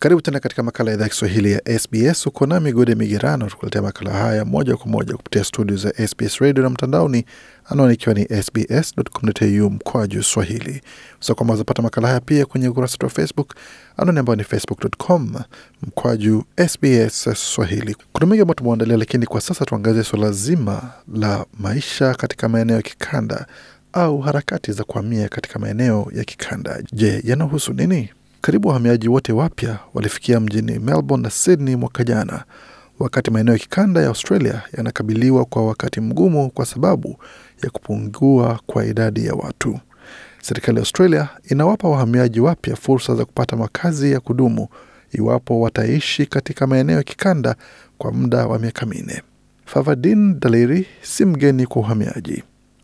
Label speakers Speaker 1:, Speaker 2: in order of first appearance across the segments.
Speaker 1: Karibu tena katika makala ya idhaa ya Kiswahili ya SBS. Uko na Migode Migerano tukuletea makala haya moja kwa moja kupitia studio za SBS radio na mtandaoni, anwani ikiwa ni sbs.com.au mkwaju swahili. So kwamba wazapata makala haya pia kwenye ukurasa wetu wa Facebook, anwani ambayo ni facebook.com mkwaju SBS swahili. Kuna mengi ambayo tumeandalia, lakini kwa sasa tuangazie suala zima la maisha katika maeneo ya kikanda au harakati za kuhamia katika maeneo ya kikanda. Je, yanahusu nini? Karibu wahamiaji wote wapya walifikia mjini Melbourne na Sydney mwaka jana, wakati maeneo ya kikanda ya Australia yanakabiliwa kwa wakati mgumu kwa sababu ya kupungua kwa idadi ya watu. Serikali ya Australia inawapa wahamiaji wapya fursa za kupata makazi ya kudumu iwapo wataishi katika maeneo ya kikanda kwa muda wa miaka minne. Favadin Daliri si mgeni kwa uhamiaji.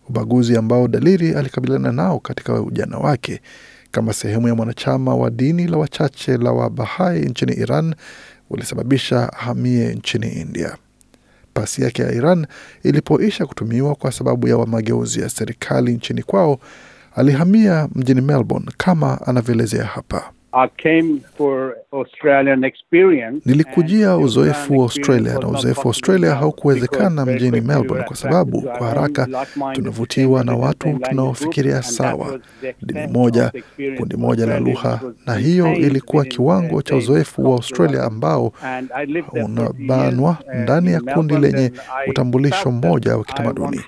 Speaker 1: Ubaguzi ambao Daliri alikabiliana nao katika ujana wake kama sehemu ya mwanachama wa dini la wachache la Wabahai nchini Iran ulisababisha ahamie nchini India. Pasi yake ya Iran ilipoisha kutumiwa kwa sababu ya mageuzi ya serikali nchini kwao, alihamia mjini Melbourne kama anavyoelezea hapa. Nilikujia uzoefu wa Australia na uzoefu wa Australia haukuwezekana mjini Melbourne kwa sababu kwa haraka tunavutiwa na watu tunaofikiria sawa, dini moja, kundi moja la lugha, na hiyo ilikuwa kiwango cha uzoefu wa Australia ambao unabanwa uh, ndani ya kundi lenye utambulisho mmoja wa kitamaduni.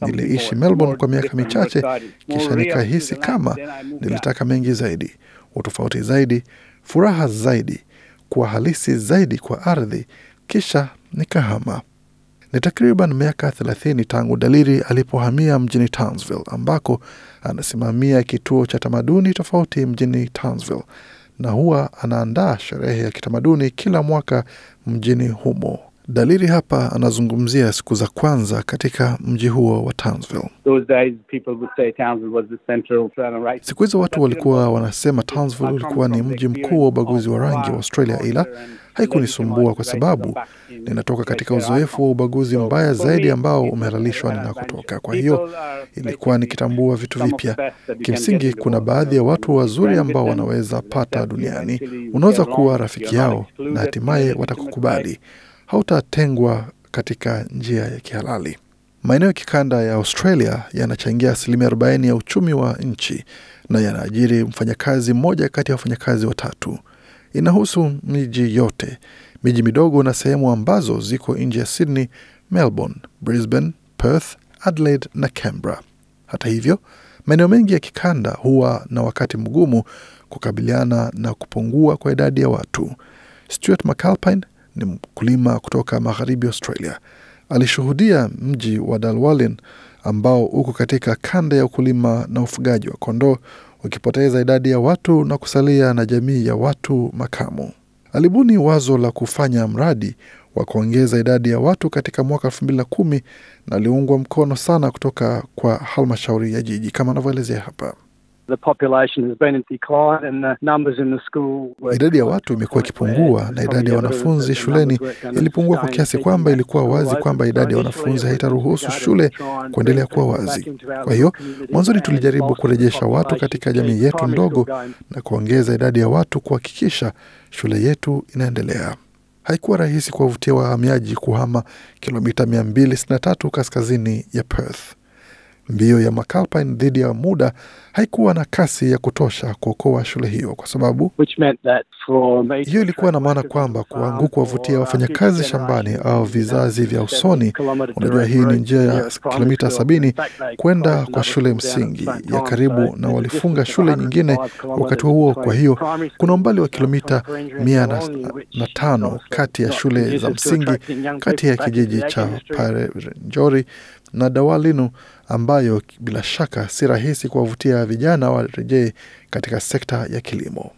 Speaker 1: Niliishi Melbourne kwa miaka michache, kisha nikahisi kama nilitaka mengi zaidi utofauti zaidi, furaha zaidi, kuwa halisi zaidi kwa ardhi, kisha nikahama. Ni takriban miaka 30 tangu Dalili alipohamia mjini Townsville, ambako anasimamia kituo cha tamaduni tofauti mjini Townsville na huwa anaandaa sherehe ya kitamaduni kila mwaka mjini humo. Dalili hapa anazungumzia siku za kwanza katika mji huo wa Townsville. Siku hizo watu walikuwa wanasema Townsville ulikuwa ni mji mkuu wa ubaguzi wa rangi wa Australia, ila haikunisumbua kwa sababu ninatoka katika uzoefu wa ubaguzi mbaya zaidi ambao umehalalishwa ninakotoka. Kwa hiyo ilikuwa nikitambua vitu vipya. Kimsingi, kuna baadhi ya watu wazuri ambao wanaweza pata duniani, unaweza kuwa rafiki yao na hatimaye watakukubali hautatengwa katika njia ya kihalali. Maeneo ya kikanda ya Australia yanachangia asilimia 40 ya uchumi wa nchi na yanaajiri mfanyakazi mmoja kati ya wafanyakazi watatu. Inahusu miji yote, miji midogo na sehemu ambazo ziko nje ya Sydney, Melbourne, Brisbane, Perth, Adelaide na Canberra. Hata hivyo, maeneo mengi ya kikanda huwa na wakati mgumu kukabiliana na kupungua kwa idadi ya watu. Stuart McAlpine ni mkulima kutoka magharibi Australia. Alishuhudia mji wa Dalwalin ambao uko katika kanda ya ukulima na ufugaji wa kondoo ukipoteza idadi ya watu na kusalia na jamii ya watu makamu. Alibuni wazo la kufanya mradi wa kuongeza idadi ya watu katika mwaka elfu mbili na kumi na aliungwa mkono sana kutoka kwa halmashauri ya jiji kama anavyoelezea hapa. Idadi ya watu imekuwa ikipungua na idadi ya wanafunzi shuleni ilipungua kwa kiasi kwamba ilikuwa wazi kwamba idadi ya wanafunzi haitaruhusu shule kuendelea kuwa wazi. Kwa hiyo mwanzoni tulijaribu kurejesha watu katika jamii yetu ndogo na kuongeza idadi ya watu kuhakikisha shule yetu inaendelea. Haikuwa rahisi kuwavutia wahamiaji kuhama kilomita 263 kaskazini ya Perth. Mbio ya Macalpine dhidi ya muda haikuwa na kasi ya kutosha kuokoa shule hiyo, kwa sababu hiyo ilikuwa na maana kwamba uh, kuanguka kuwavutia wafanyakazi shambani au vizazi vya uh, usoni. Unajua, hii ni njia ya kilomita sabini kwenda kwa shule msingi ya karibu, na walifunga shule nyingine wakati huo. Kwa hiyo kuna umbali wa kilomita mia na, na tano kati ya shule za msingi kati ya kijiji cha Parenjori na Dawalinu, ambayo bila shaka si rahisi kuwavutia vijana warejee katika sekta ya kilimo.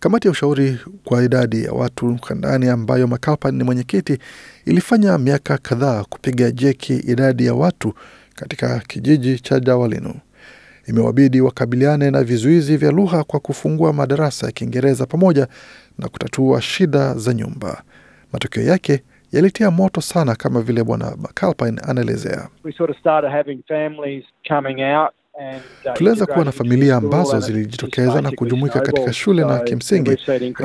Speaker 1: Kamati ya ushauri kwa idadi ya watu kandani ambayo Makalpan ni mwenyekiti ilifanya miaka kadhaa kupiga jeki idadi ya watu katika kijiji cha Jawalinu. Imewabidi wakabiliane na vizuizi vya lugha kwa kufungua madarasa ya Kiingereza pamoja na kutatua shida za nyumba. Matokeo yake yalitia moto sana, kama vile Bwana Makalpan anaelezea. We sort of started having families coming out Tuliweza uh, kuwa na familia ambazo zilijitokeza na kujumuika katika shule na kimsingi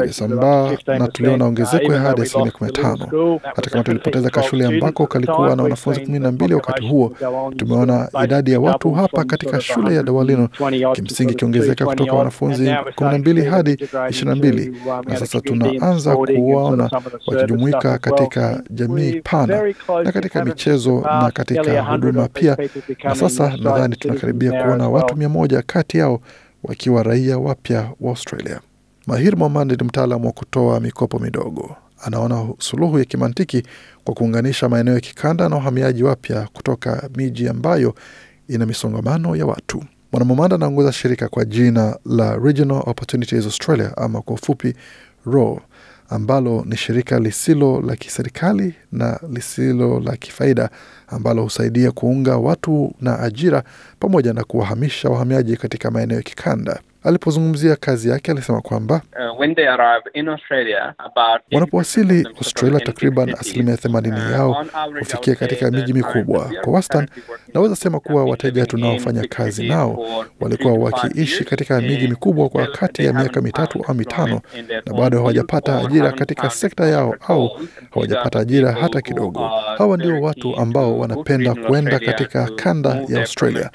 Speaker 1: ilisambaa, na tuliona ongezeko ya hadi asilimia kumi na tano. Hata kama tulipoteza ka shule ambako kalikuwa na wanafunzi kumi na mbili wakati huo, tumeona idadi ya watu hapa katika shule ya Dawalino kimsingi ikiongezeka kutoka wanafunzi kumi na mbili hadi ishirini na mbili uh, na sasa tunaanza kuwaona wakijumuika katika jamii pana na katika michezo na katika huduma pia, na sasa nadhani tunakaribia kuona watu mia moja kati yao wakiwa raia wapya wa Australia. Mahir Mohamed ni mtaalamu wa kutoa mikopo midogo. Anaona suluhu ya kimantiki kwa kuunganisha maeneo ya kikanda na wahamiaji wapya kutoka miji ambayo ina misongamano ya watu. Mwanamomanda anaongoza shirika kwa jina la Regional Opportunities Australia ama kwa ufupi ambalo ni shirika lisilo la kiserikali na lisilo la kifaida ambalo husaidia kuunga watu na ajira pamoja na kuwahamisha wahamiaji katika maeneo ya kikanda. Alipozungumzia kazi yake alisema kwamba uh, wanapowasili Australia, takriban asilimia themanini uh, yao hufikia katika miji mikubwa. Kwa wastani, naweza sema kuwa wateja tunaofanya kazi nao walikuwa wakiishi katika miji mikubwa kwa kati ya miaka mitatu au mitano, na bado hawajapata ajira katika sekta yao au hawajapata ajira hata kidogo. Hawa ndio watu ambao wanapenda kuenda katika kanda ya Australia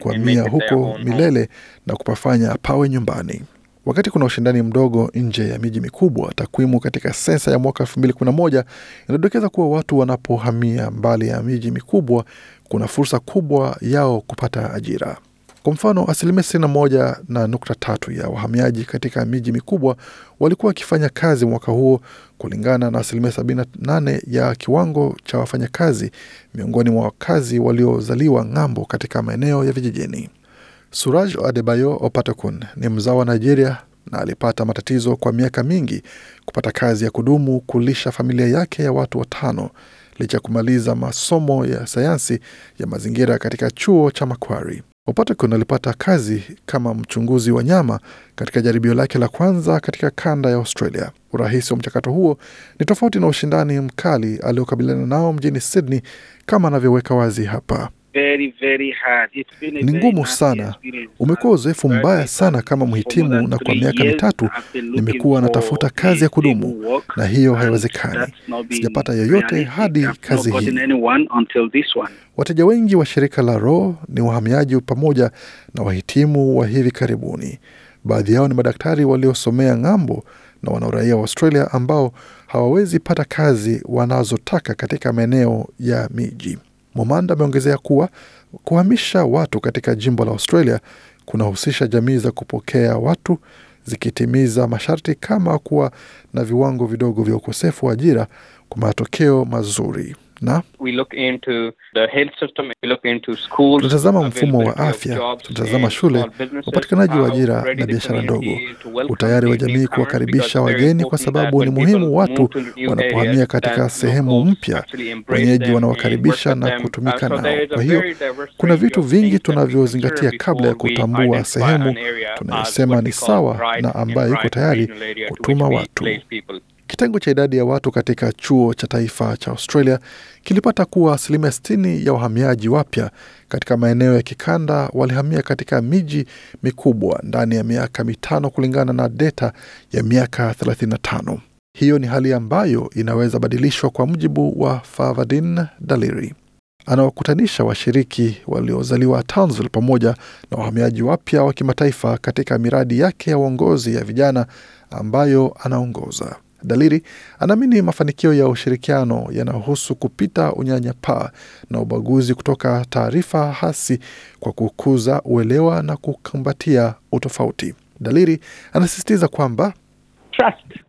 Speaker 1: kuhamia huko milele na kupafanya pawe nyumbani. Wakati kuna ushindani mdogo nje ya miji mikubwa, takwimu katika sensa ya mwaka 2011 inadokeza kuwa watu wanapohamia mbali ya miji mikubwa kuna fursa kubwa yao kupata ajira. Kwa mfano, asilimia 61 na moja na nukta tatu ya wahamiaji katika miji mikubwa walikuwa wakifanya kazi mwaka huo kulingana na asilimia 78 ya kiwango cha wafanyakazi miongoni mwa wakazi waliozaliwa ng'ambo katika maeneo ya vijijini. Suraj Adebayo Opatokun ni mzao wa Nigeria na alipata matatizo kwa miaka mingi kupata kazi ya kudumu kulisha familia yake ya watu watano licha ya kumaliza masomo ya sayansi ya mazingira katika chuo cha makwari Wapatacon alipata kazi kama mchunguzi wa nyama katika jaribio lake la kwanza katika kanda ya Australia. Urahisi wa mchakato huo ni tofauti na ushindani mkali aliokabiliana nao mjini Sydney, kama anavyoweka wazi hapa. Ni ngumu sana, umekuwa uzoefu mbaya sana kama mhitimu, na kwa miaka mitatu nimekuwa natafuta kazi ya kudumu, na hiyo haiwezekani. Sijapata yoyote hadi kazi hii. Wateja wengi wa shirika la Ro ni wahamiaji pamoja na wahitimu wa hivi karibuni. Baadhi yao ni madaktari waliosomea ng'ambo na wanauraia wa Australia ambao hawawezi pata kazi wanazotaka katika maeneo ya miji. Mwamanda ameongezea kuwa kuhamisha watu katika jimbo la Australia kunahusisha jamii za kupokea watu zikitimiza masharti kama kuwa na viwango vidogo vya ukosefu wa ajira kwa matokeo mazuri na tunatazama mfumo wa afya, tunatazama shule, upatikanaji wa ajira na biashara ndogo, utayari wa jamii kuwakaribisha wageni, kwa sababu ni muhimu watu wanapohamia katika sehemu mpya, wenyeji wanawakaribisha na uh, kutumika nao. Kwa hiyo kuna vitu vingi tunavyozingatia kabla ya kutambua sehemu tunayosema ni sawa na ambayo iko tayari kutuma watu. Kitengo cha idadi ya watu katika chuo cha taifa cha Australia kilipata kuwa asilimia sitini ya wahamiaji wapya katika maeneo ya kikanda walihamia katika miji mikubwa ndani ya miaka mitano kulingana na deta ya miaka 35. Hiyo ni hali ambayo inaweza badilishwa kwa mujibu wa Favadin Daliri anawakutanisha washiriki waliozaliwa Townsville pamoja na wahamiaji wapya wa kimataifa katika miradi yake ya uongozi ya vijana ambayo anaongoza. Daliri anaamini mafanikio ya ushirikiano yanahusu kupita unyanyapaa na ubaguzi kutoka taarifa hasi kwa kukuza uelewa na kukumbatia utofauti. Daliri anasisitiza kwamba Trust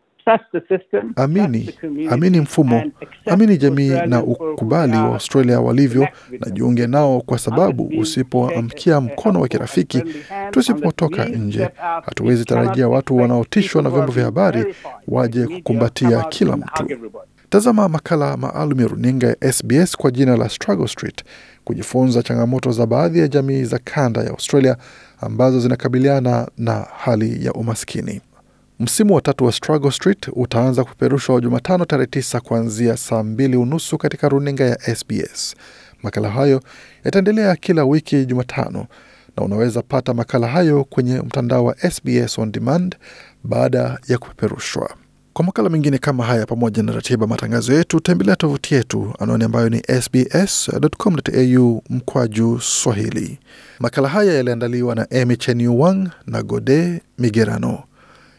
Speaker 1: Amini, amini mfumo, amini jamii na ukubali wa Australia walivyo, na jiunge nao, kwa sababu usipoamkia mkono wa kirafiki, tusipotoka nje, hatuwezi tarajia watu wanaotishwa na vyombo vya habari waje kukumbatia kila mtu. Tazama makala maalum ya runinga ya SBS kwa jina la Struggle Street kujifunza changamoto za baadhi ya jamii za kanda ya Australia ambazo zinakabiliana na hali ya umaskini. Msimu wa tatu wa Struggle Street utaanza kupeperushwa Jumatano tarehe tisa kuanzia saa mbili unusu katika runinga ya SBS. Makala hayo yataendelea kila wiki Jumatano, na unaweza pata makala hayo kwenye mtandao wa SBS on Demand baada ya kupeperushwa. Kwa makala mengine kama haya pamoja na ratiba matangazo yetu, tembelea tovuti yetu anaoni ambayo ni sbs.com.au mkwaju Swahili. Makala haya yaliandaliwa na Emy Wang na Gode Migerano.